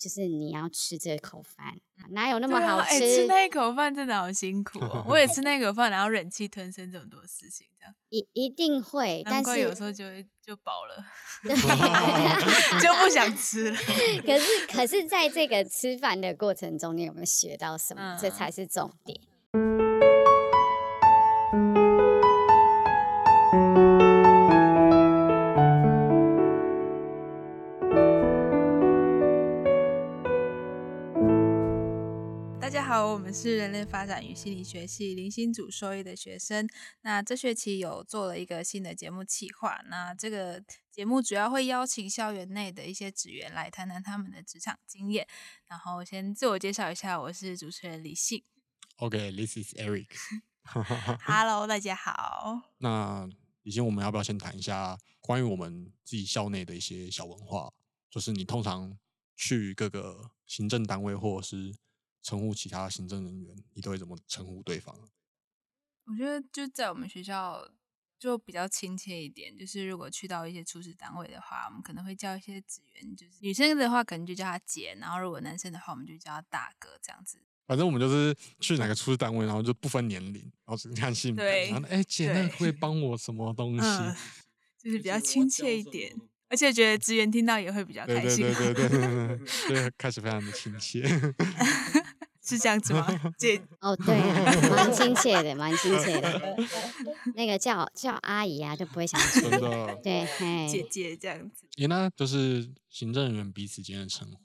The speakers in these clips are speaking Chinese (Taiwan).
就是你要吃這口飯，哪有那麼好吃？啊欸、吃那口飯真的好辛苦哦！ 我也吃那口飯，然後忍氣吞聲，這麼多事情這樣，一一定會。但是有時候就會是就飽飽了， 對 就不想吃了。 可是，可是在這個吃飯的過程中，你有沒有學到什麼？嗯、這才是重點。是人類發展與心理學系零星組碩一的學生。那這學期有做了一個新的節目企劃。那這個節目主要會邀請校園內的一些職員來談談他們的職場經驗。然後先自我介紹一下，我是主持人李信。OK，this is Eric。 Hello， 大家好。那李信，以前我們要不要先談一下關於我們自己校內的一些小文化？就是你通常去各個行政單位或者是。稱呼其他行政人員，你都會怎麼稱呼對方？我覺得就在我們學校就比較親切一點。就是如果去到一些處室單位的話，我們可能會叫一些職員。就是女生的話，可能就叫她姐；然後如果男生的話，我們就叫他大哥這樣子。反正我們就是去哪個處室單位，然後就不分年齡，然後就看性別。對然後哎、欸，姐，對那你會幫我什麼東西？嗯、就是比較親切一點，而且覺得職員聽到也會比較開心。對對對對，對對對對對， 所以開始非常的親切。 是這樣子嗎？ 姐哦，oh, 對啊，蠻親切的，蠻親切的。 那個叫叫阿姨啊，就不會想說 對嘿。 對姐姐這樣子。你呢，就是行政人員彼此間的稱呼。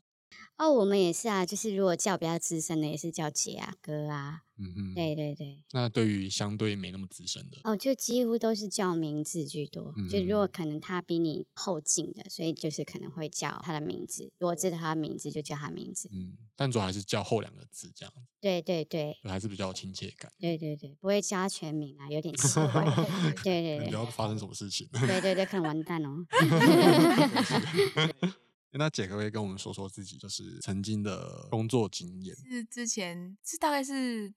哦，我們也是啊，就是如果叫比較資深的，也是叫姐啊、哥啊。嗯嗯哼，對對對。那對於相對沒那麼資深的，哦，就幾乎都是叫名字居多。嗯、哼就如果可能他比你後進的，所以就是可能會叫他的名字。如果知道他的名字，就叫他名字。嗯，但主要還是叫後兩個字這樣。對對對，還是比較有親切感。對對對，不會加全名啊，有點奇怪。對對對，你要發生什麼事情？對對對，可能完蛋哦。 那姐可，可以跟我們說說自己就是曾經的工作經驗。是之前是大概是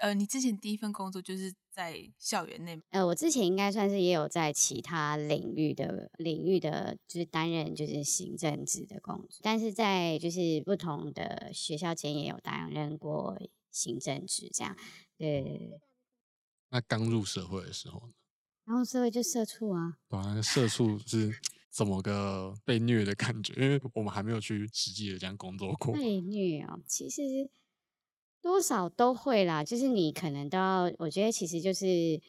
呃，你之前第一份工作就是在校園內。呃，我之前應該算是也有在其他領域的領域的，就是擔任就是行政職的工作。但是在就是不同的學校間，也有擔任過行政職，這樣。對。那剛入社會的時候呢？然後社會就社畜啊。對啊，社畜是。 怎麼個被虐的感覺？因為我們還沒有去實際的這樣工作過。被虐哦，其實多少都會啦。就是你可能都要，我覺得其實就是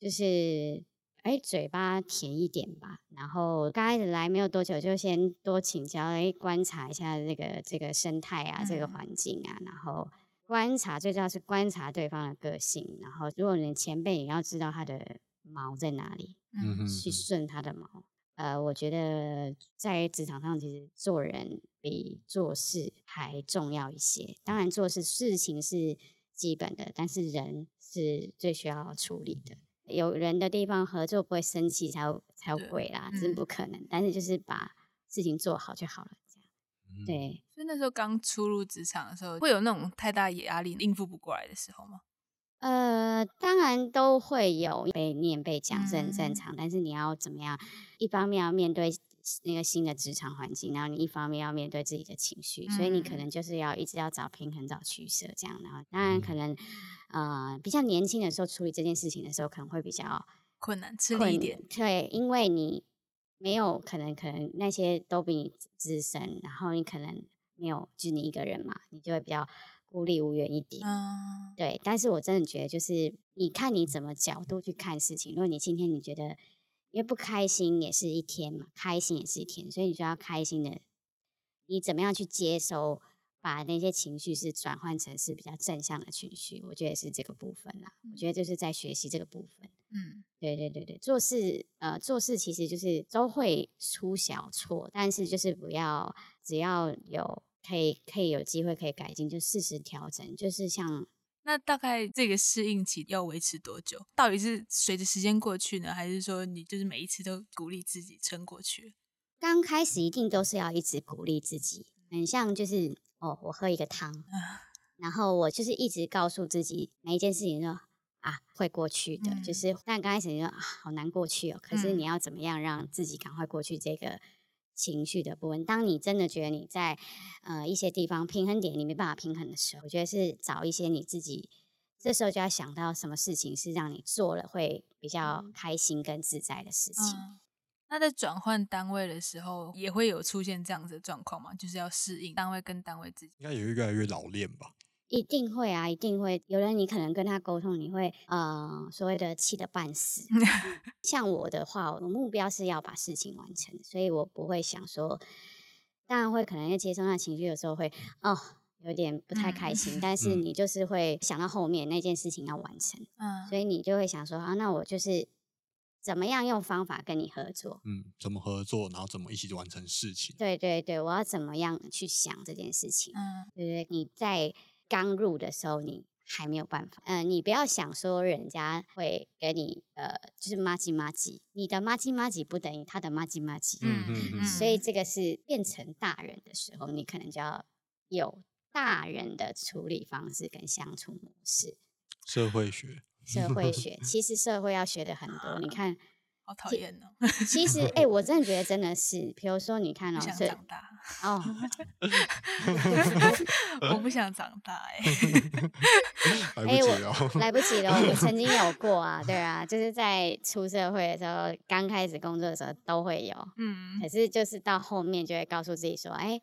就是哎，嘴巴甜一點吧。然後剛開始來沒有多久，就先多請教，哎，觀察一下這個這個生態啊，嗯、這個環境啊。然後觀察最重要是觀察對方的個性。然後如果你前輩也要知道他的毛在哪裡，嗯，去順他的毛。呃，我覺得在職場上，其實做人比做事還重要一些。當然，做事事情是基本的，但是人是最需要處理的。有人的地方，合作不會生氣才才怪啦，真對不可能。嗯、但是就是把事情做好就好了這樣。嗯、對。所以那時候剛初入職場的時候，會有那種太大壓力應付不過來的時候嗎？呃，當然都會有被念被講是很正常，嗯、但是你要怎麼樣？一方面要面對那個新的職場環境，然後你一方面要面對自己的情緒，嗯、所以你可能就是要一直要找平衡、找取捨這樣。然後當然可能，嗯、呃，比較年輕的時候處理這件事情的時候，可能會比較困，困難、吃力一點困。對，因為你沒有可能，可能那些都比你資深，然後你可能沒有就是、你一個人嘛，你就會比較。孤立無援一點，對，但是我真的覺得，就是你看你怎麼角度去看事情。如果你今天你覺得，因為不開心也是一天嘛，開心也是一天，所以你就要開心的，你怎麼樣去接收，把那些情緒是轉換成是比較正向的情緒，我覺得是這個部分啦。我覺得就是在學習這個部分，嗯，對對對對，做事呃做事其實就是都會出小錯，但是就是不要只要有。可以可以有機會可以改進，就適時調整。就是像那大概這個適應期要維持多久？到底是隨着時間過去呢，還是說你就是每一次都鼓勵自己撐過去？剛開始一定都是要一直鼓勵自己，很像就是哦，我喝一個湯，唉然後我就是一直告訴自己每一件事情說啊會過去的。嗯、就是但剛開始你就、啊、好難過去哦，可是你要怎麼樣讓自己趕快過去這個？情緒的不穩，當你真的覺得你在，呃，一些地方平衡點你沒辦法平衡的時候，我覺得是找一些你自己，這時候就要想到什麼事情是讓你做了會比較開心跟自在的事情。嗯嗯、那在轉換單位的時候，也會有出現這樣子的狀況嗎？就是要適應單位跟單位之間，應該也會越來越老練吧。一定會啊，一定會。有人你可能跟他溝通，你會呃所謂的氣得半死。 像我的話，我目標是要把事情完成，所以我不會想說，當然會可能要接受他情緒的時候會、嗯、哦有點不太開心，嗯、但是你就是會想到後面那件事情要完成，嗯，所以你就會想說啊，那我就是怎麼樣用方法跟你合作？嗯，怎麼合作，然後怎麼一起完成事情？對對對，我要怎麼樣去想這件事情？嗯，對對，你在。剛入的時候，你還沒有辦法。嗯、呃，你不要想說人家會給你呃，就是麻吉麻吉。你的麻吉麻吉不等於他的麻吉麻吉。嗯嗯嗯。所以這個是變成大人的時候，你可能就要有大人的處理方式跟相處模式。社會學，社會學，其實社會要學的很多。 你看。好討厭、喔，其實，哎、欸，我真的覺得真的是，比如說，你看哦、喔，不想長大哦， 我不想長大哎，我來不及了、欸，我，來不及了 我曾經有過啊，對啊，就是在出社會的時候，剛開始工作的時候都會有，嗯、可是就是到後面就會告訴自己說，哎、欸，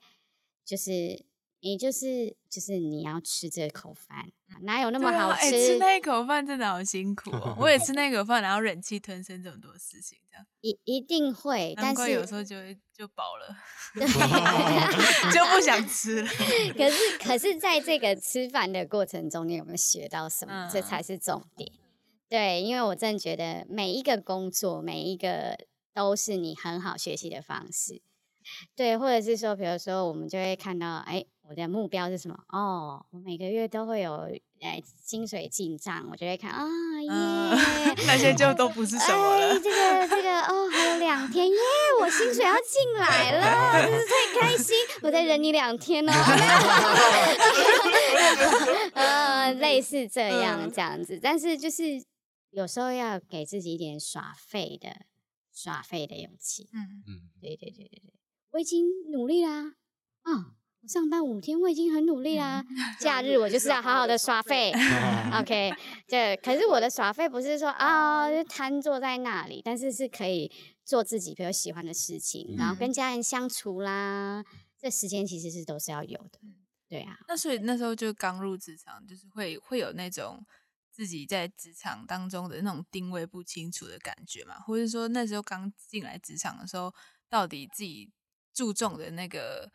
就是。也就是就是你要吃這口飯，哪有那麼好吃？啊，欸、吃那口飯真的好辛苦哦！ 我也吃那口飯，然後忍氣吞聲，這麼多事情這樣，一一定會。但是有時候就是就飽飽了，就不想吃了。可是可是，可是在這個吃飯的過程中，你有沒有學到什麼？嗯、這才是重點。對，因為我真的覺得每一個工作，每一個都是你很好學習的方式。對，或者是說，比如說，我們就會看到，哎、欸。我的目標是什麼？哦，我每個月都會有誒薪水進賬，我就會看啊耶、哦 yeah 嗯，那些就都不是什麼了。哎、這個這個哦，還有兩天耶，yeah, 我薪水要進來了， 真是太開心！我再忍你兩天哦、啊。 嗯，類似這樣這樣子，但是就是有時候要給自己一點耍廢的耍廢的勇氣。嗯嗯，對對對對對，我已經努力啦啊。哦上班五天我已經很努力啦，啊，嗯、假日我就是要好好的耍廢 ，OK，這可是我的耍廢不是說啊，哦，就是癱坐在那裡，但是是可以做自己比較喜歡的事情，嗯、然後跟家人相處啦，這時間其實是都是要有的，對啊。那所以那時候就剛入職場，就是會會有那種自己在職場當中的那種定位不清楚的感覺嘛，或者說那時候剛進來職場的時候，到底自己注重的那個。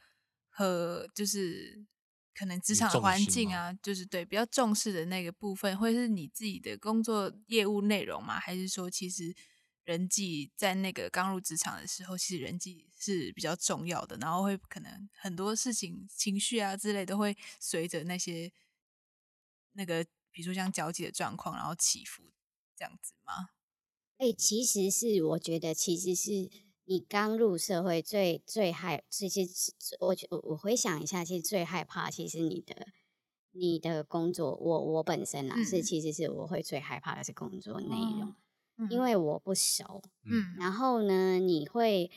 和就是可能職場環境啊，就是對比較重視的那個部分，或者是你自己的工作業務內容嗎？還是說，其實人際在那個剛入職場的時候，其實人際是比較重要的，然後會可能很多事情、情緒啊之類都會隨着那些那個，比如說像交際的狀況，然後起伏這樣子嗎？哎，其實是我覺得，其實是。你剛入社會最，最最害，其實我我回想一下，其實最害怕，其實你的你的工作，我我本身啊，嗯、是其實是我會最害怕的是工作內容，哦嗯、因為我不熟。嗯、然後呢，你會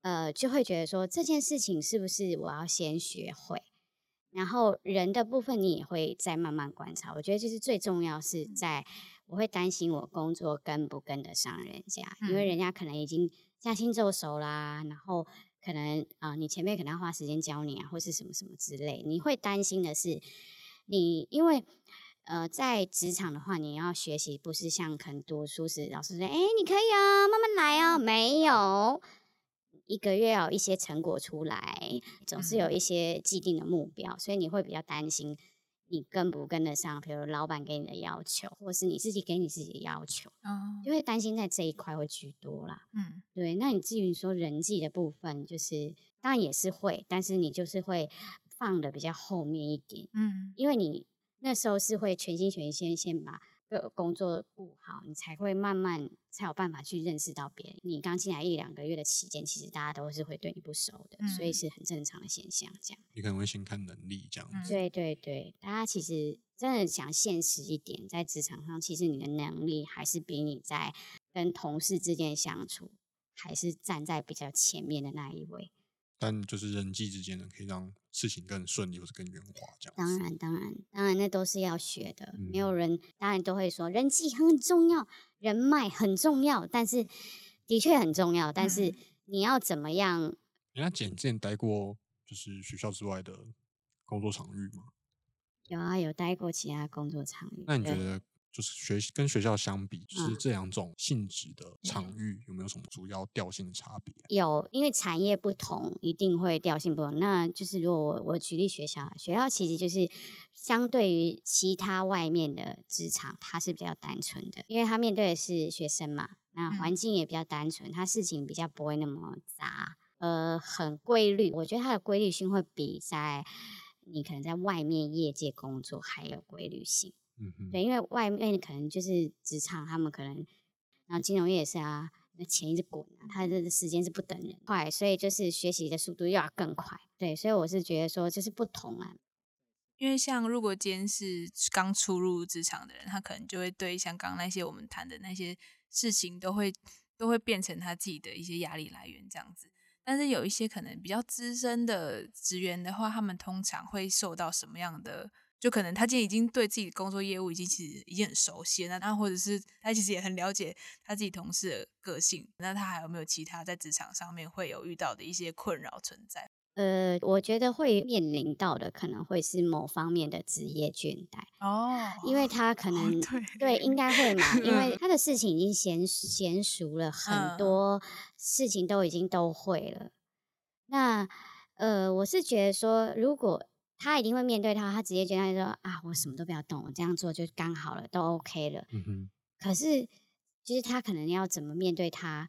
呃就會覺得說這件事情是不是我要先學會，然後人的部分你也會再慢慢觀察。我覺得就是最重要是在，嗯、我會擔心我工作跟不跟得上人家，嗯、因為人家可能已經。駕輕就熟啦，然後可能啊、呃，你前輩可能要花時間教你啊，或是什麼什麼之類。你會擔心的是你，你因為呃，在職場的話，你要學習不是像很多書時老師說，哎，你可以啊，慢慢來啊，沒有一個月有一些成果出來，總是有一些既定的目標，所以你會比較擔心。你跟不跟得上？比如老闆給你的要求，或是你自己給你自己的要求，哦、就會擔心在這一塊會居多啦。嗯，對。那你至於說人際的部分，就是當然也是會，但是你就是會放的比較後面一點。嗯，因為你那時候是會全心全意先先把。的工作不好，你才會慢慢才有辦法去認識到別人。你剛進來一兩個月的期間，其實大家都是會對你不熟的，嗯、所以是很正常的現象。這樣，你可能會先看能力這樣子。嗯、對對對，大家其實真的想現實一點，在職場上，其實你的能力還是比你在跟同事之間相處，還是站在比較前面的那一位。但就是人際之間呢，可以讓事情更順利或是更圓滑這樣。嗯、當然，當然，當然，那都是要學的。沒有人當然都會說，人際很重要，人脈很重要，但是的確很重要。但是、嗯、你要怎麼樣？人家簡簡待過，就是學校之外的工作場域嗎？有啊，有待過其他工作場域。那你覺得？就是學，跟學校相比，就是這兩種性質的場域有沒有什麼主要調性的差別？嗯嗯，有，因為產業不同，一定會調性不同。那就是如果我我舉例學校，學校其實就是相對於其他外面的職場，它是比較單純的，因為它面對的是學生嘛，那環境也比較單純，嗯、它事情比較不會那麼雜，呃，很規律。我覺得它的規律性會比在你可能在外面業界工作還有規律性。嗯，對，因為外面可能就是職場，他們可能，然後金融業也是啊，那錢一直滾啊，他的時間是不等人快，所以就是學習的速度又要更快。對，所以我是覺得說，就是不同啊，因為像如果今天是剛出入職場的人，他可能就會對像剛剛那些我們談的那些事情，都會都會變成他自己的一些壓力來源這樣子。但是有一些可能比較資深的職員的話，他們通常會受到什麼樣的？就可能他今天已經對自己的工作業務已經其實已經很熟悉了，啊，然後或者是他其實也很了解他自己同事的個性。那他還有沒有其他在職場上面會有遇到的一些困擾存在？呃，我覺得會面臨到的可能會是某方面的職業倦怠哦，因為他可能，哦，對，對，應該會嘛。 因為他的事情已經嫻嫻熟了，嗯，很多事情都已經都會了。那呃，我是覺得說如果。他一定會面對他，他職業倦怠說：“啊，我什麼都不要動，我這樣做就剛好了，都 OK 了。嗯哼”可是，就是他可能要怎麼面對他，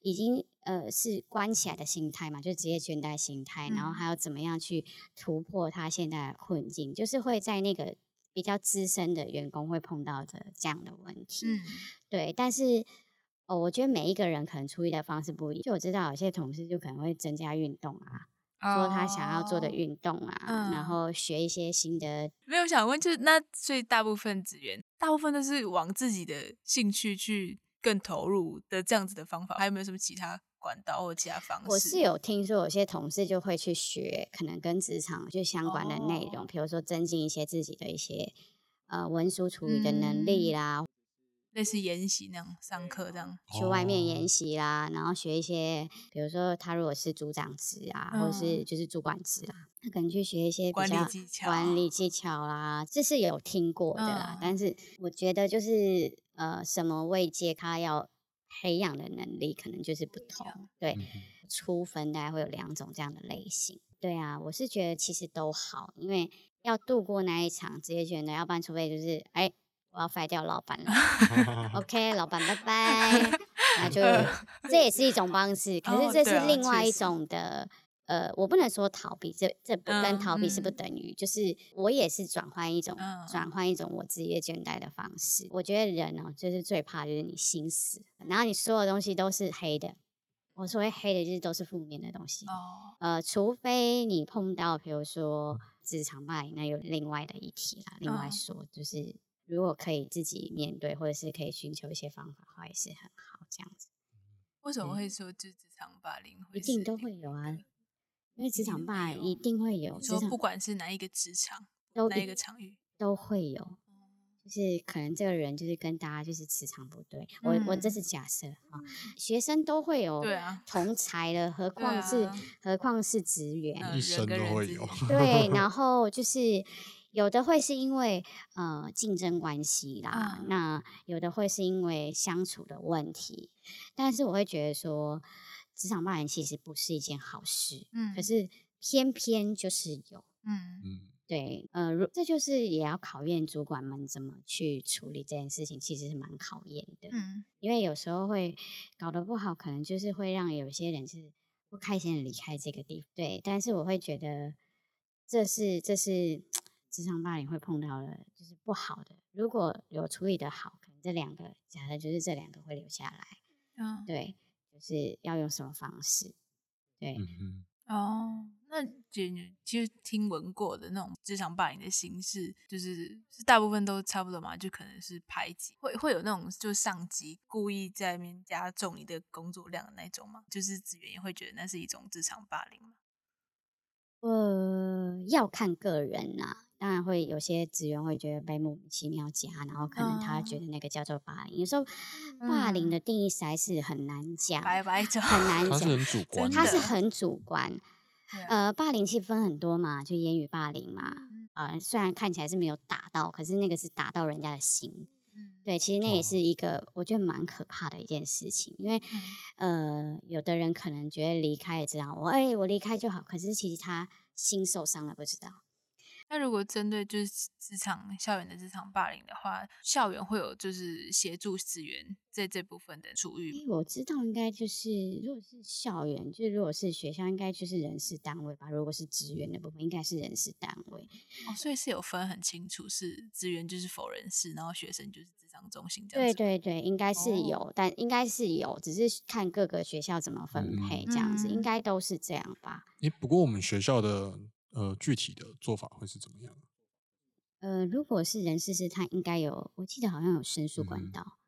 已經呃是關起來的心態嘛，就職業倦怠心態，嗯、然後還要怎麼樣去突破他現在的困境，就是會在那個比較資深的員工會碰到的這樣的問題。嗯、對，但是哦，我覺得每一個人可能處理的方式不一樣，就我知道有些同事就可能會增加運動啊。做他想要做的運動啊，哦嗯、然後學一些新的。沒有想問，就是那所以大部分職員，大部分都是往自己的興趣去更投入的這樣子的方法，還有沒有什麼其他管道或其他方式？我是有聽說，有些同事就會去學，可能跟職場就相關的內容，哦、比如說增進一些自己的一些呃文書處理的能力啦。嗯類似研習那樣上課，這樣去外面研習啦，然後學一些，比如說他如果是組長職啊，嗯、或者是就是主管職啊，他可能去學一些比較管理技巧，管理技巧啦，這是有聽過的啦。嗯、但是我覺得就是呃，什麼位階他要培養的能力可能就是不同，嗯、哼對初分大概會有兩種這樣的類型。對啊，我是覺得其實都好，因為要度過那一場職業選擇，要不然除非就是哎。欸我要甩掉老闆了，OK，老闆拜拜。Bye bye 那就這也是一種方式，可是這是另外一種的。呃，我不能說逃避，這這不跟逃避是不等於，就是我也是轉換一種轉換一種我職業倦怠的方式。我覺得人哦，就是最怕就是你心死，然後你所有東西都是黑的。我所謂黑的就是都是負面的東西。呃，除非你碰到，比如說職場霸凌，那有另外的議題啦，另外說就是。如果可以自己面對，或者是可以尋求一些方法的話，也是很好這樣子。為什麼會說職場霸凌？一定都會有啊，因為職場霸一定會有。職場不管是哪一個職場，哪一個場域都會有，就是可能這個人就是跟大家就是磁場不對。我我這是假設啊，學生都會有同儕的，何況是何況是職員，學生都會有。對，然後就是。有的會是因為呃競爭關係啦，嗯、那有的會是因為相處的問題，但是我會覺得說，職場罵人其實不是一件好事，嗯、可是偏偏就是有，嗯對，呃，這就是也要考驗主管們怎麼去處理這件事情，其實是蠻考驗的，嗯，因為有時候會搞得不好，可能就是會讓有些人是不開心的離開這個地方，對，但是我會覺得這是這是。職場霸凌會碰到的，就是不好的。如果有處理的好，可能這兩個，假設就是這兩個會留下來。嗯、啊，對，就是要用什麼方式？對。嗯、哼哦，那姐，其實聽聞過的那種職場霸凌的形式、就是，就是大部分都差不多嘛？就可能是排擠，會會有那種就上級故意在面加重你的工作量的那種嘛？就是職員也會覺得那是一種職場霸凌嗎？呃，要看個人啊。當然會有些職員會覺得被莫名其妙加，然後可能他覺得那個叫做霸凌。嗯、有時候霸凌的定義實在是很難講，白白很難講。他是，主觀，他是很主觀，他是很主觀。呃、嗯，對霸凌其實分很多嘛，就言語霸凌嘛。啊、呃，雖然看起來是沒有打到，可是那個是打到人家的心。嗯、對，其實那也是一個我覺得蠻可怕的一件事情，因為呃，有的人可能覺得離開也知道我誒、欸、我離開就好。可是其實他心受傷了，不知道。那如果針對就是職場校園的職場霸凌的話，校園會有就是協助資源在這部分的處遇。我知道，應該就是如果是校園，就是如果是學校，應該就是人事單位吧。如果是職員的部分，應該是人事單位。哦，所以是有分很清楚，是職員就是否人事，對然後學生就是諮商中心這樣。對對對，應該是有，哦，但應該是有，只是看各個學校怎麼分配這樣子，嗯嗯、應該都是這樣吧。你不過我們學校的。呃，具體的做法會是怎麼樣？呃，如果是人事室，他應該有，我記得好像有申訴管道。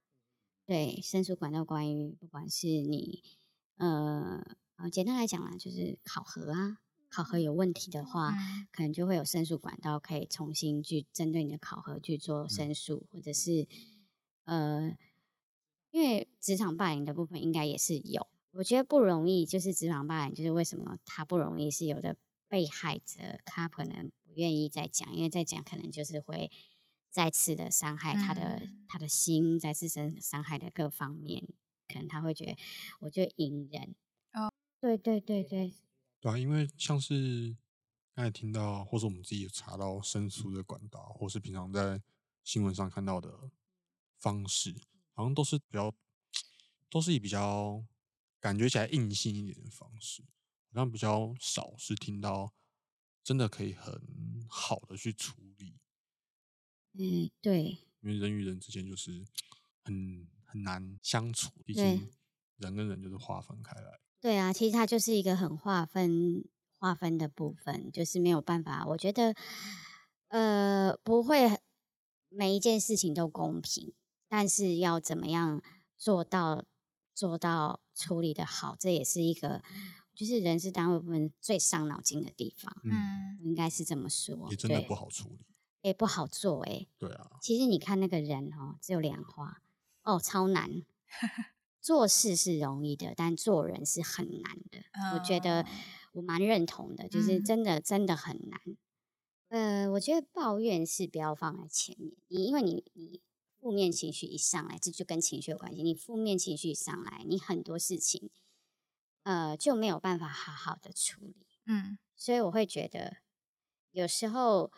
嗯、對，申訴管道關於不管是你，呃，簡單來講啦，就是考核啊，考核有問題的話，嗯、可能就會有申訴管道，可以重新去針對你的考核去做申訴，嗯、或者是呃，因為職場霸凌的部分應該也是有。我覺得不容易，就是職場霸凌，就是為什麼他不容易？是有的。被害者他可能不願意再講，因為再講可能就是會再次的傷害他的、嗯、他的心，再次傷傷害的各方面，可能他會覺得我就隱忍。哦，對對對對。對啊，因為像是剛才聽到，或是我們自己有查到申訴的管道，嗯、或是平常在新聞上看到的方式，好像都是比較都是以比較感覺起來硬性一點的方式。但比較少是聽到真的可以很好的去處理。嗯，對，因為人與人之間就是很很難相處，畢竟人跟人就是劃分開來。對啊，其實它就是一個很劃分劃分的部分，就是沒有辦法。我覺得，呃，不會每一件事情都公平，但是要怎麼樣做到做到處理的好，這也是一個。就是人是單位部分最傷腦筋的地方，嗯，應該是這麼說，你真的不好處理，也不好做，欸，哎，對啊。其實你看那個人哦，只有兩畫，哦，超難。 做事是容易的，但做人是很難的。哦，我覺得我蠻認同的，就是真的，嗯，真的很難。呃，我覺得抱怨，是不要放在前面，你因為你你負面情緒一上來，這就跟情緒有關係。你負面情緒一上來，你很多事情。呃，就沒有辦法好好的處理，嗯，所以我會覺得，有時候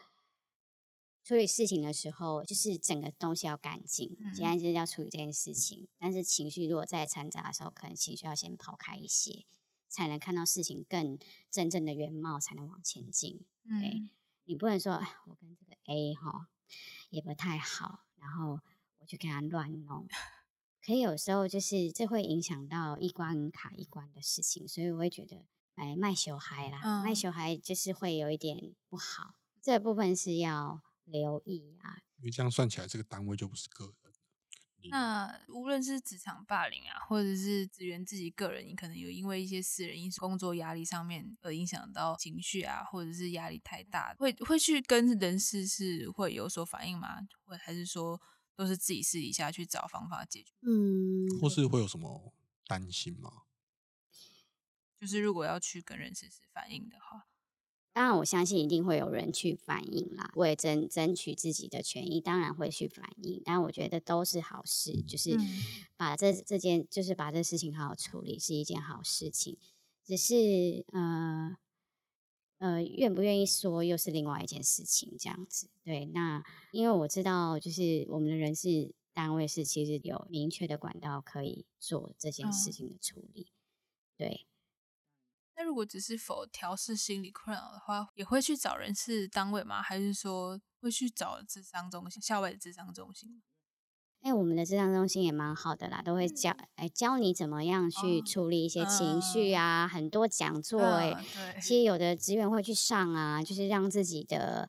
處理事情的時候，就是整個東西要乾淨，既然、嗯、就是要處理這件事情，但是情緒如果再摻雜的時候，可能情緒要先跑開一些，才能看到事情更真正的原貌，才能往前進。對，嗯，你不能說哎，我跟這個 A 哈也不太好，然後我就跟他亂弄。 可以有時候就是這會影響到一關卡一關的事情，所以我會覺得，哎，賣小孩啦，嗯、賣小孩就是會有一點不好，這部分是要留意啊。因為這樣算起來，這個單位就不是個人。那無論是職場霸凌啊，或者是職員自己個人，你可能有因為一些私人因素、工作壓力上面而影響到情緒啊，或者是壓力太大，會會去跟人事是會有所反應嗎？會還是說？都是自己私底下去找方法解決，嗯，或是會有什麼擔心嗎？就是如果要去跟人事室反映的話，當然我相信一定會有人去反映啦。我也爭爭取自己的權益，當然會去反映。但我覺得都是好事，嗯、就是把這這件，就是把這事情好好處理是一件好事情。只是呃。呃，願不願意說又是另外一件事情，這樣子。對，那因為我知道，就是我們的人事單位是其實有明確的管道可以做這件事情的處理。嗯、對。那如果只是否調試心理困擾的話，也會去找人事單位嗎？還是說會去找諮商中心、校外的諮商中心？哎、欸，我們的諮商中心也蠻好的啦，都會教哎、欸、教你怎麼樣去處理一些情緒啊，oh, uh, 很多講座哎、欸，uh, 對其實有的職員會去上啊，就是讓自己的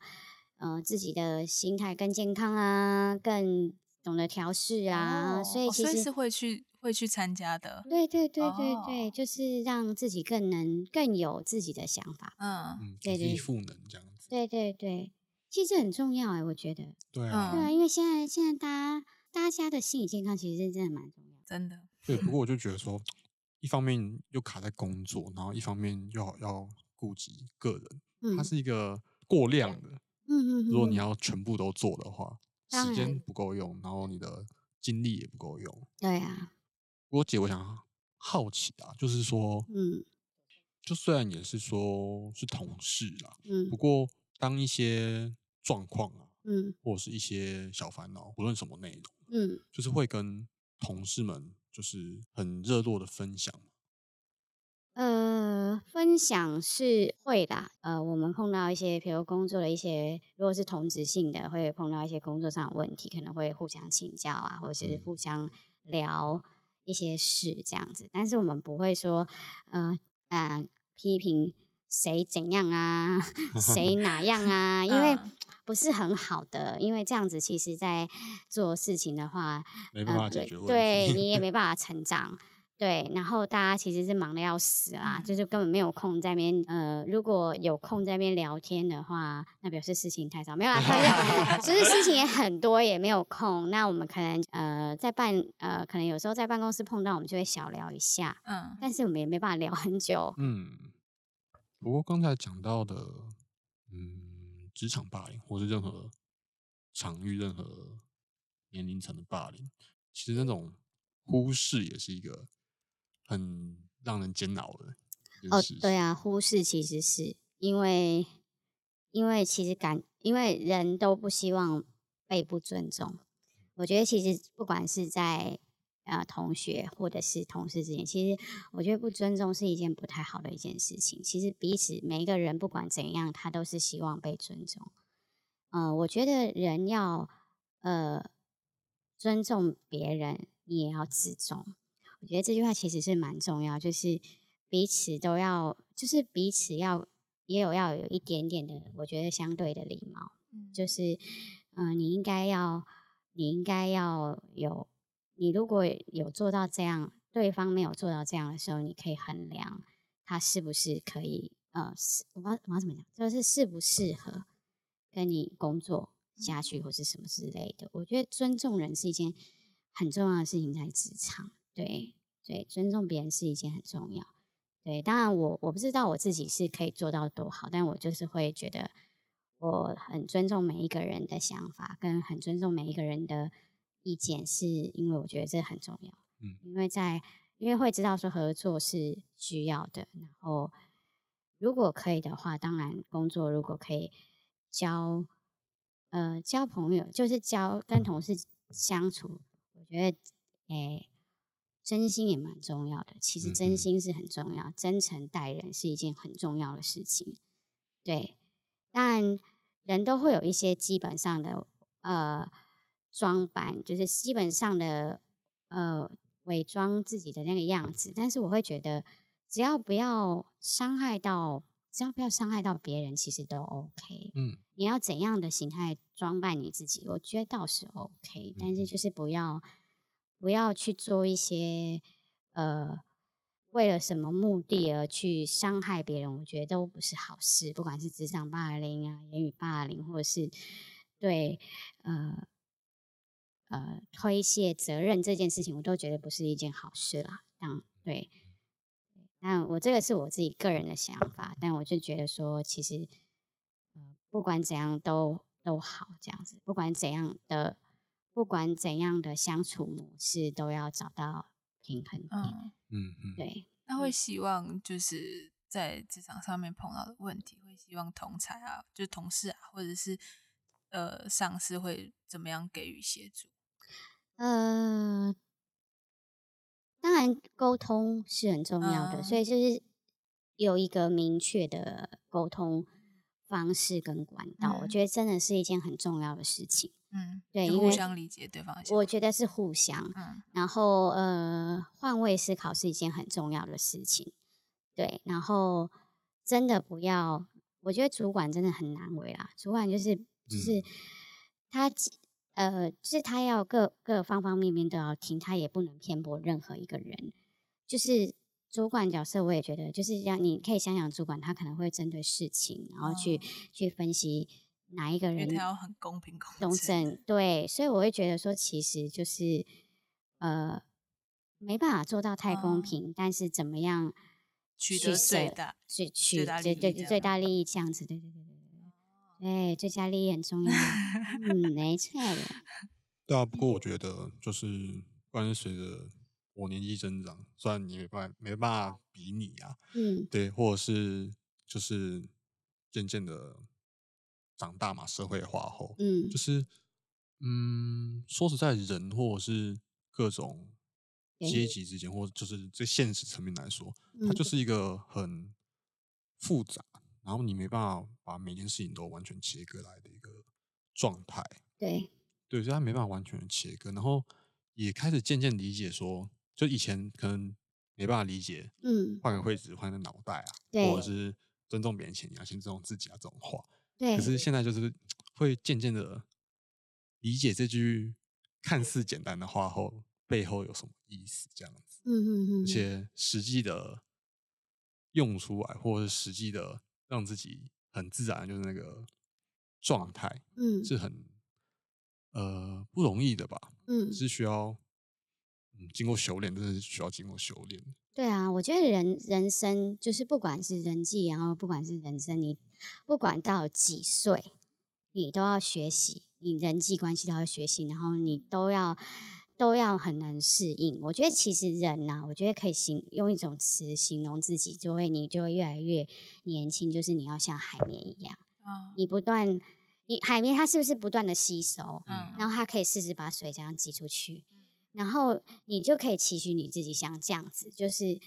呃自己的心態更健康啊，更懂得調適啊，oh, 所以其實、oh, 所以是會去會去參加的。對,對對對對對，oh. 就是讓自己更能更有自己的想法，uh. 嗯，對對，賦能這樣子。對,對對對，其實很重要哎、欸，我覺得。對啊。對啊，因為現在現在大家。大家的心理健康其實真的蠻重要，真的。對，不過我就覺得說，一方面又卡在工作，然後一方面又要顧及個人，嗯、它是一個過量的。嗯嗯，如果你要全部都做的話，時間不夠用，然後你的精力也不夠用。對啊。不過姐，我想好奇的啊，就是說，嗯，就雖然也是說，是同事啦，嗯，不過當一些狀況啊，嗯，或者是一些小煩惱，不論什麼內容。嗯，就是會跟同事們就是很熱絡的分享，呃，分享是會的，啊，呃，我們碰到一些，譬如工作的一些，如果是同職性的，會碰到一些工作上的問題，可能會互相請教啊，或者是互相聊一些事這樣子，嗯、但是我們不會說，呃，嗯、呃，批評。誰怎樣啊？誰哪樣啊？ 嗯、因為不是很好的，因為這樣子其實在做事情的話，沒辦法解決問題、呃、對,對你也沒辦法成長。對，然後大家其實是忙得要死啊，嗯、就是根本沒有空在那邊。呃，如果有空在那邊聊天的話，那表示事情太少，沒有啊，其實 事情也很多，也沒有空。那我們可能呃在辦呃，可能有時候在辦公室碰到，我們就會小聊一下，嗯，但是我們也沒辦法聊很久，嗯。不過剛才講到的，嗯，職場霸凌或是任何場域，任何年齡層的霸凌，其實那種忽視也是一個很讓人煎熬的。就是，哦，對啊，忽視其實是因為，因為其實感，因為人都不希望被不尊重。我覺得其實不管是在。啊，同學或者是同事之間，其實我覺得不尊重是一件不太好的一件事情。其實彼此每一個人不管怎樣，他都是希望被尊重。嗯、呃，我覺得人要呃尊重別人，你也要自重。我覺得這句話其實是蠻重要，就是彼此都要，就是彼此要也有要有一點點的，我覺得相對的禮貌。嗯，就是嗯、呃，你應該要，你應該要有。你如果有做到這樣，對方沒有做到這樣的時候，你可以衡量他是不是可以，呃，是我要我要怎麼講，就是適不適合跟你工作下去或是什麼之類的。我覺得尊重人是一件很重要的事情，在職場，對對，尊重別人是一件很重要。對，當然我我不知道我自己是可以做到多好，但我就是會覺得我很尊重每一個人的想法，跟很尊重每一個人的。意見是因為我覺得這很重要，因為在因為會知道說合作是需要的，然後如果可以的話，當然工作如果可以交，呃，交朋友就是交跟同事相處，我覺得誒、欸，真心也蠻重要的，其實真心是很重要，真誠待人是一件很重要的事情，對，但人都會有一些基本上的呃。裝扮就是基本上的，呃，偽裝自己的那個樣子。但是我會覺得，只要不要傷害到，只要不要傷害到別人，其實都 OK。嗯，你要怎樣的形態裝扮你自己，我覺得倒是 OK。但是就是不要，嗯、不要去做一些，呃，為了什麼目的而去傷害別人，我覺得都不是好事。不管是職場霸凌啊，言語霸凌，或者是對，呃。呃，推卸責任這件事情，我都覺得不是一件好事啦。嗯，對，那我這個是我自己個人的想法，但我就覺得說，其實，呃、嗯，不管怎樣都都好這樣子，不管怎樣的，不管怎樣的相處模式，都要找到平衡點。嗯嗯，對。嗯、那會希望就是在職場上面碰到的問題，會希望同才啊，就是、同事啊，或者是呃上司會怎麼樣給予協助？呃，當然溝通是很重要的，嗯、所以就是有一個明確的溝通方式跟管道，嗯、我覺得真的是一件很重要的事情。嗯，對，因為互相理解對方，我覺得是互相。嗯、然後呃，換位思考是一件很重要的事情。對，然後真的不要，我覺得主管真的很難為啦。主管就是就是他。嗯呃，就是他要各各方方面面都要聽，他也不能偏頗任何一個人。就是主管角色，我也覺得，就是讓你可以想想，主管他可能會針對事情，然後去、嗯、去分析哪一個人。因為他要很公平公正。對，所以我會覺得說，其實就是呃沒辦法做到太公平，嗯、但是怎麼樣去取得最的取最最大利益這樣子，對對對對。嗯哎，這家裡也很重要。 嗯，沒錯。對啊，不過我覺得就是關於隨着我年紀增長，雖然你沒辦法沒辦法比擬啊，嗯，對，或者是就是漸漸的長大嘛，社會化後，嗯，就是嗯，說實在，人或者是各種階級之間，欸、或者就是在現實層面來說，它就是一個很複雜。然後你沒辦法把每件事情都完全切割來的一個狀態，對，對，所以他沒辦法完全的切割。然後也開始漸漸理解說，就以前可能沒辦法理解，嗯，換個位置換個腦袋啊，對或者是尊重別人前你要先尊重自己啊，這種話，對。可是現在就是會漸漸的理解這句看似簡單的話後背後有什麼意思，這樣子，嗯嗯嗯，而且實際的用出來，或者是實際的。讓自己很自然，就是那個狀態，嗯、是很、呃、不容易的吧，嗯是，需嗯、是需要經過修煉，真的是需要經過修煉。對啊，我覺得人人生就是不管是人際，然後不管是人生，你不管到幾歲，你都要學習，你人際關係都要學習，然後你都要。都要很難適應。我覺得其實人呢、啊，我覺得可以形用一種詞形容自己，就會你就會越來越年輕。就是你要像海綿一樣，你不斷，你海綿它是不是不斷的吸收，嗯、然後它可以適時把水這樣擠出去，然後你就可以期許你自己像這樣子，就是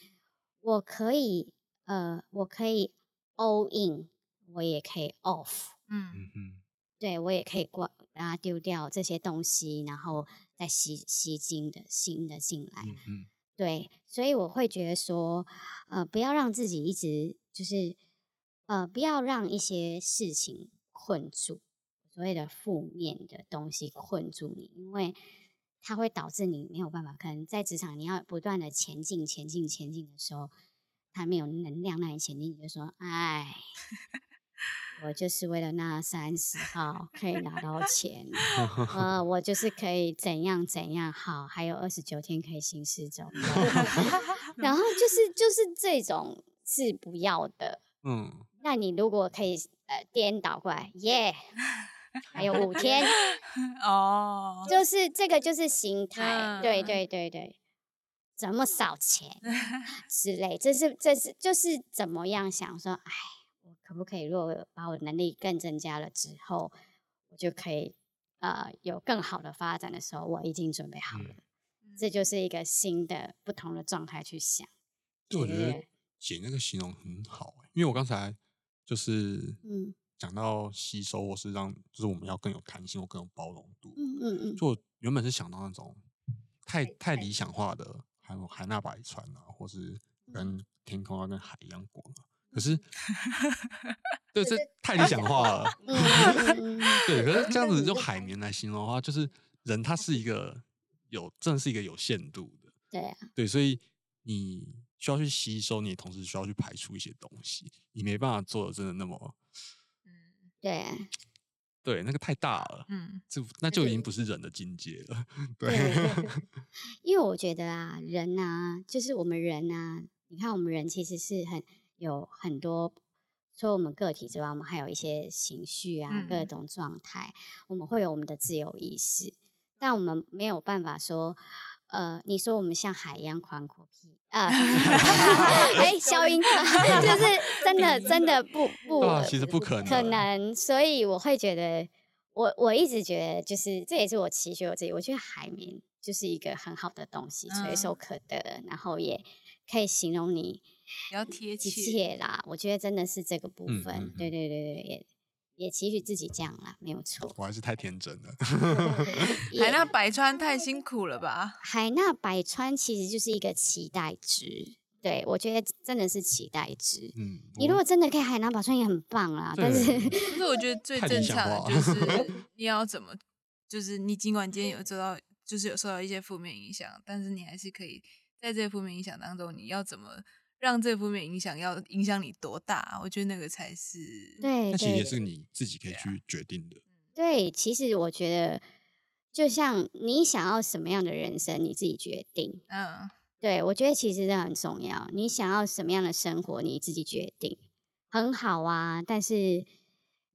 我可以呃，我可以 all in，我也可以 off，嗯嗯對，我也可以過然後丟掉這些東西，然後。在吸吸進的新的進來，嗯嗯對，所以我會覺得說，呃，不要讓自己一直就是，呃，不要讓一些事情困住，所謂的負面的東西困住你，因為它會導致你沒有辦法。可能在職場，你要不斷的前進、前進、前進的時候，它沒有能量讓你前進，你就說，哎。 我就是為了那三十號可以拿到錢， 呃，我就是可以怎樣怎樣好，還有二十九天可以行屍走肉。然後就是就是這種是不要的，嗯。那你如果可以呃顛倒過來，耶、yeah!，還有五天哦，oh. 就是這個就是心態，對、uh. 對對對，怎麼少錢 之類，這是這是就是怎麼樣想說，哎。可不可以？如果把我的能力更增加了之後，我就可以，呃、有更好的發展的時候，我已經準備好了。嗯、這就是一個新的，不同的狀態去想。對，我覺得姐那個形容很好，欸、因為我剛才就是嗯講到吸收或是讓，就是我們要更有彈性我更有包容度。嗯嗯嗯。就原本是想到那種太太理想化的，還有海納百川啊，或是跟天空要，啊、跟海一樣廣。嗯可是，對這是太理想化了。 嗯、 對，可是這樣子用海綿來形容的話，就是人他是一個有，真的是一個有限度的。對、啊，對，所以你需要去吸收，你同時需要去排除一些東西，你沒辦法做的真的那麼。對、啊。對，那個太大了。嗯，那就已經不是人的境界了。對，對，對。 因為我覺得啊，人吶、啊，就是我們人吶、啊，你看我們人其實是很。有很多，除了我們個體之外，我們還有一些情緒啊，嗯、各種狀態，我們會有我們的自由意識，但我們沒有辦法說，呃，你說我們像海一樣寬闊啊？哎，消音，就是真的真的，真的不不、啊、不是其實不可能，可能，所以我會覺得，我我一直覺得，就是這也是我期許我自己，我覺得海綿就是一個很好的東西，嗯、垂手可得，然後也可以形容你。比較貼切，切啦，我覺得真的是這個部分，對、嗯嗯、對對對，也也期許自己這樣啦，沒有錯。我還是太天真了， 海納百川太辛苦了吧？海納百川其實就是一個期待值，對，我覺得真的是期待值。嗯，你如果真的可以海納百川也很棒啊，對但是，但是我覺得最正常的就是你要怎麼，就是你儘管今天有受到，嗯、就是有受到一些負面影響，但是你還是可以在這負面影響當中，你要怎麼？讓這負面影響要影響你多大？我覺得那個才是對，對那其實也是你自己可以去決定的。對、對，其實我覺得就像你想要什麼樣的人生，你自己決定。嗯、啊，對我覺得其實這很重要。你想要什麼樣的生活，你自己決定，很好啊。但是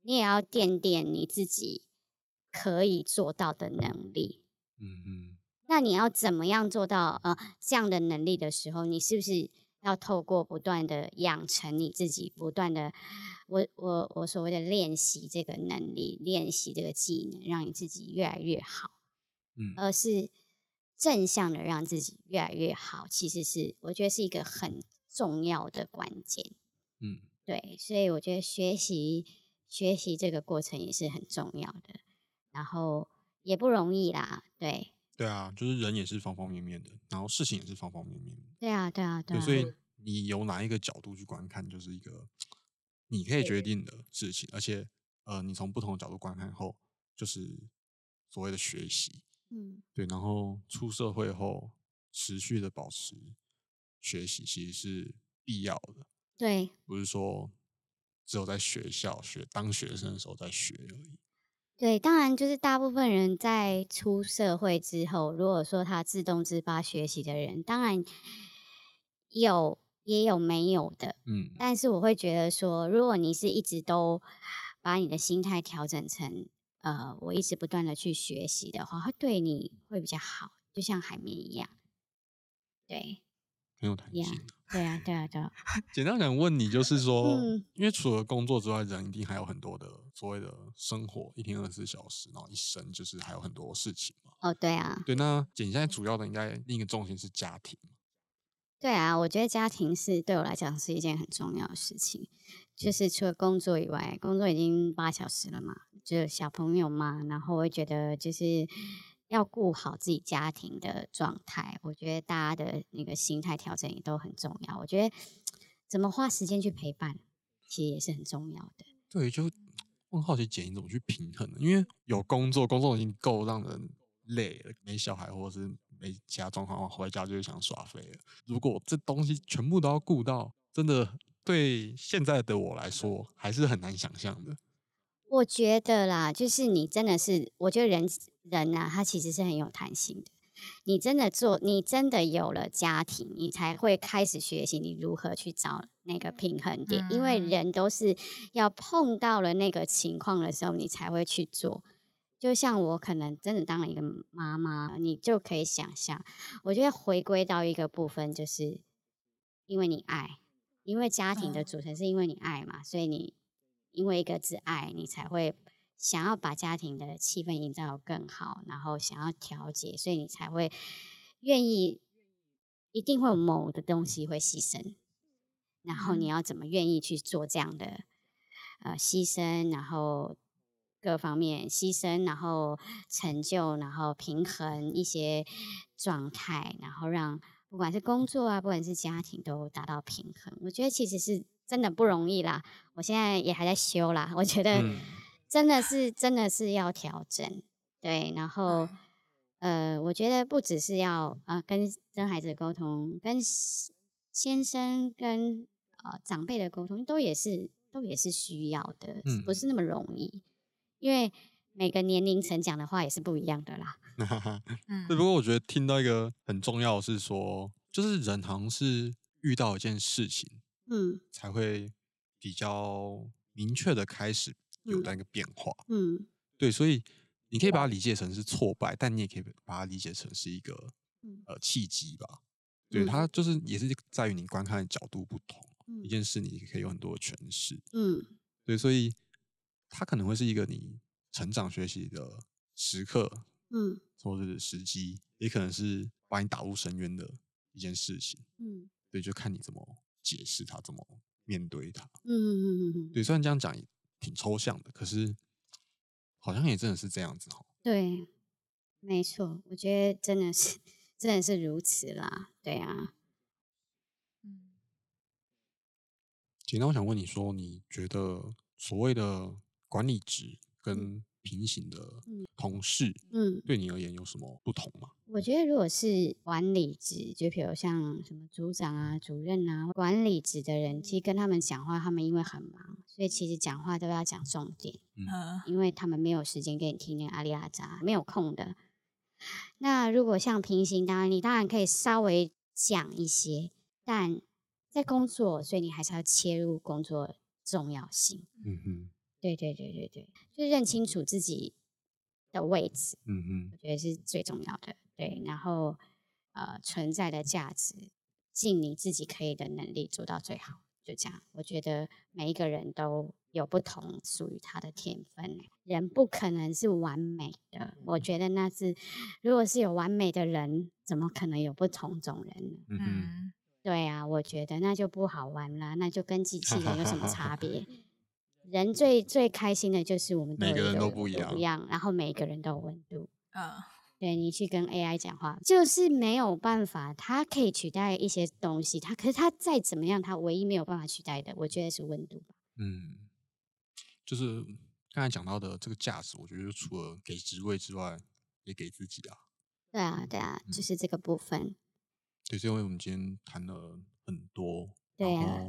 你也要掂掂你自己可以做到的能力。嗯嗯哼。那你要怎麼樣做到呃這樣的能力的時候，你是不是？要透過不斷的養成你自己，不斷的我，我我我所謂的練習這個能力，練習這個技能，讓你自己越來越好，嗯，而是正向的讓自己越來越好，其實是我覺得是一個很重要的關鍵，嗯，對，所以我覺得學習學習這個過程也是很重要的，然後也不容易啦，對。對啊，就是人也是方方面面的，然後事情也是方方面面的。對啊，對啊，對啊。對，所以你由哪一個角度去觀看，就是一個你可以決定的事情。對。而且，呃，你從不同的角度觀看後，就是所謂的學習。嗯，對。然後出社會後，持續的保持學習其實是必要的。對，不是說只有在學校學、當學生的時候在學而已。對，當然就是大部分人在出社會之後，如果說他自動自發學習的人，當然有也有沒有的，嗯。但是我會覺得說，如果你是一直都把你的心態調整成，呃，我一直不斷的去學習的話，會對你會比較好，就像海綿一樣，對。沒有彈性 yeah，對、啊，對啊，對啊，就。 簡單想問你，就是說， 因為除了工作之外，人一定還有很多的、嗯、所謂的生活，一天二十四小時，然後一生就是還有很多事情嘛。哦，對啊，對。那簡現在主要的應該另一個重心是家庭。對啊，我覺得家庭是對我來講是一件很重要的事情，就是除了工作以外，工作已經八小時了嘛，就小朋友嘛，然後我會覺得就是。要顧好自己家庭的狀態，我覺得大家的那個心態調整也都很重要。我覺得怎麼花時間去陪伴，其實也是很重要的。對，就我很好奇，剪影怎麼去平衡？因為有工作，工作已經夠讓人累了，沒小孩或者是沒其他狀況，回家就想耍廢了。如果這東西全部都要顧到，真的對現在的我來說，還是很難想象的。我覺得啦，就是你真的是，我覺得人人吶、啊，他其實是很有彈性的。你真的做，你真的有了家庭，你才會開始學習你如何去找那個平衡點。嗯、因為人都是要碰到了那個情況的時候，你才會去做。就像我可能真的當了一個媽媽，你就可以想象。我覺得回歸到一個部分，就是因為你愛，因為家庭的組成是因為你愛嘛，嗯、所以你。因為一個摯愛，你才會想要把家庭的氣氛營造更好，然後想要調節，所以你才會願意，一定會有某個東西會犧牲，然後你要怎麼願意去做這樣的呃犧牲，然後各方面犧牲，然後成就，然後平衡一些狀態，然後讓不管是工作啊，不管是家庭都達到平衡，我覺得其實是。真的不容易啦，我現在也還在修啦。我覺得真的是、嗯、真的是要調整，對，然後、嗯、呃，我覺得不只是要啊、呃、跟跟孩子溝通，跟先生跟、呃、長輩的溝通都也是都也是需要的，嗯、不是那麼容易，因為每個年齡層講的話也是不一樣的啦。嗯，對， 不過我覺得聽到一個很重要的是說，就是人好像是遇到一件事情。嗯，才會比較明確的開始有那個變化嗯。嗯，對，所以你可以把它理解成是挫敗，但你也可以把它理解成是一個呃契機吧。對，嗯，它就是也是在於你觀看的角度不同，嗯，一件事你可以有很多的詮釋。嗯，對，所以它可能會是一個你成長學習的時刻，嗯，或者是時機，也可能是把你打入深淵的一件事情。嗯，對，就看你怎麼。解釋他怎麼面對他，嗯嗯嗯嗯，對，雖然這樣講也挺抽象的，可是好像也真的是這樣子哈。對，沒錯，我覺得真的是真的是如此啦，對啊，嗯。簡單，我想問你說，你覺得所謂的管理職跟平行的同事，嗯，對你而言有什麼不同嗎？我覺得，如果是管理職，就比如像什麼組長啊、主任啊，管理職的人，其實跟他們講話，他們因為很忙，所以其實講話都要講重點，嗯，因為他們沒有時間給你聽那個阿哩阿扎，沒有空的。那如果像平行，當然你當然可以稍微講一些，但在工作，所以你還是要切入工作重要性。嗯哼，對對對對對，就是認清楚自己的位置。嗯哼，我覺得是最重要的。對，然後，呃，存在的價值，盡你自己可以的能力做到最好，就這樣。我覺得每一個人都有不同屬於他的天分，人不可能是完美的。我覺得那是，如果是有完美的人，怎麼可能有不同種人呢？嗯哼，對啊，我覺得那就不好玩了，那就跟機器人有什麼差別？ 人最最開心的就是我們的每個人都不一樣，不一樣，然後每一個人都有溫度，嗯、啊。對，你去跟 AI 講話，就是沒有辦法，它可以取代一些東西。它可是它再怎麼樣，它唯一沒有辦法取代的，我覺得是溫度吧。嗯，就是剛才講到的這個價值，我覺得除了給職位之外，也給自己啊。對啊，對啊，嗯、就是這個部分。對，因為我們今天談了很多，對啊，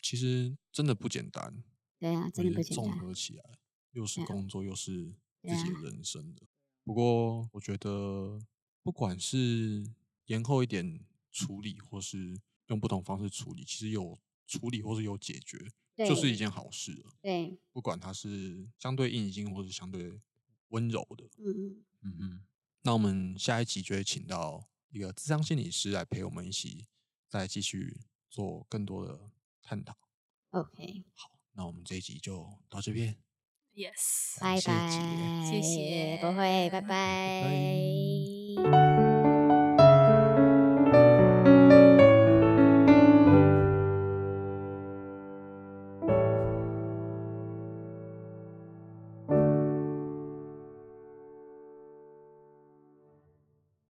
其實真的不簡單。對啊，真的不簡單。綜合起來，又是工作，啊、又是自己的人生的。不過，我覺得不管是延後一點處理，或是用不同方式處理，其實有處理或是有解決，對就是一件好事了。對，不管它是相對硬性或是相對溫柔的，嗯嗯嗯嗯。那我們下一集就會請到一個諮商心理師來陪我們一起再繼續做更多的探討。OK，好，那我們這一集就到這邊。Yes，拜拜，謝謝，謝謝，不會，拜拜。拜拜拜拜。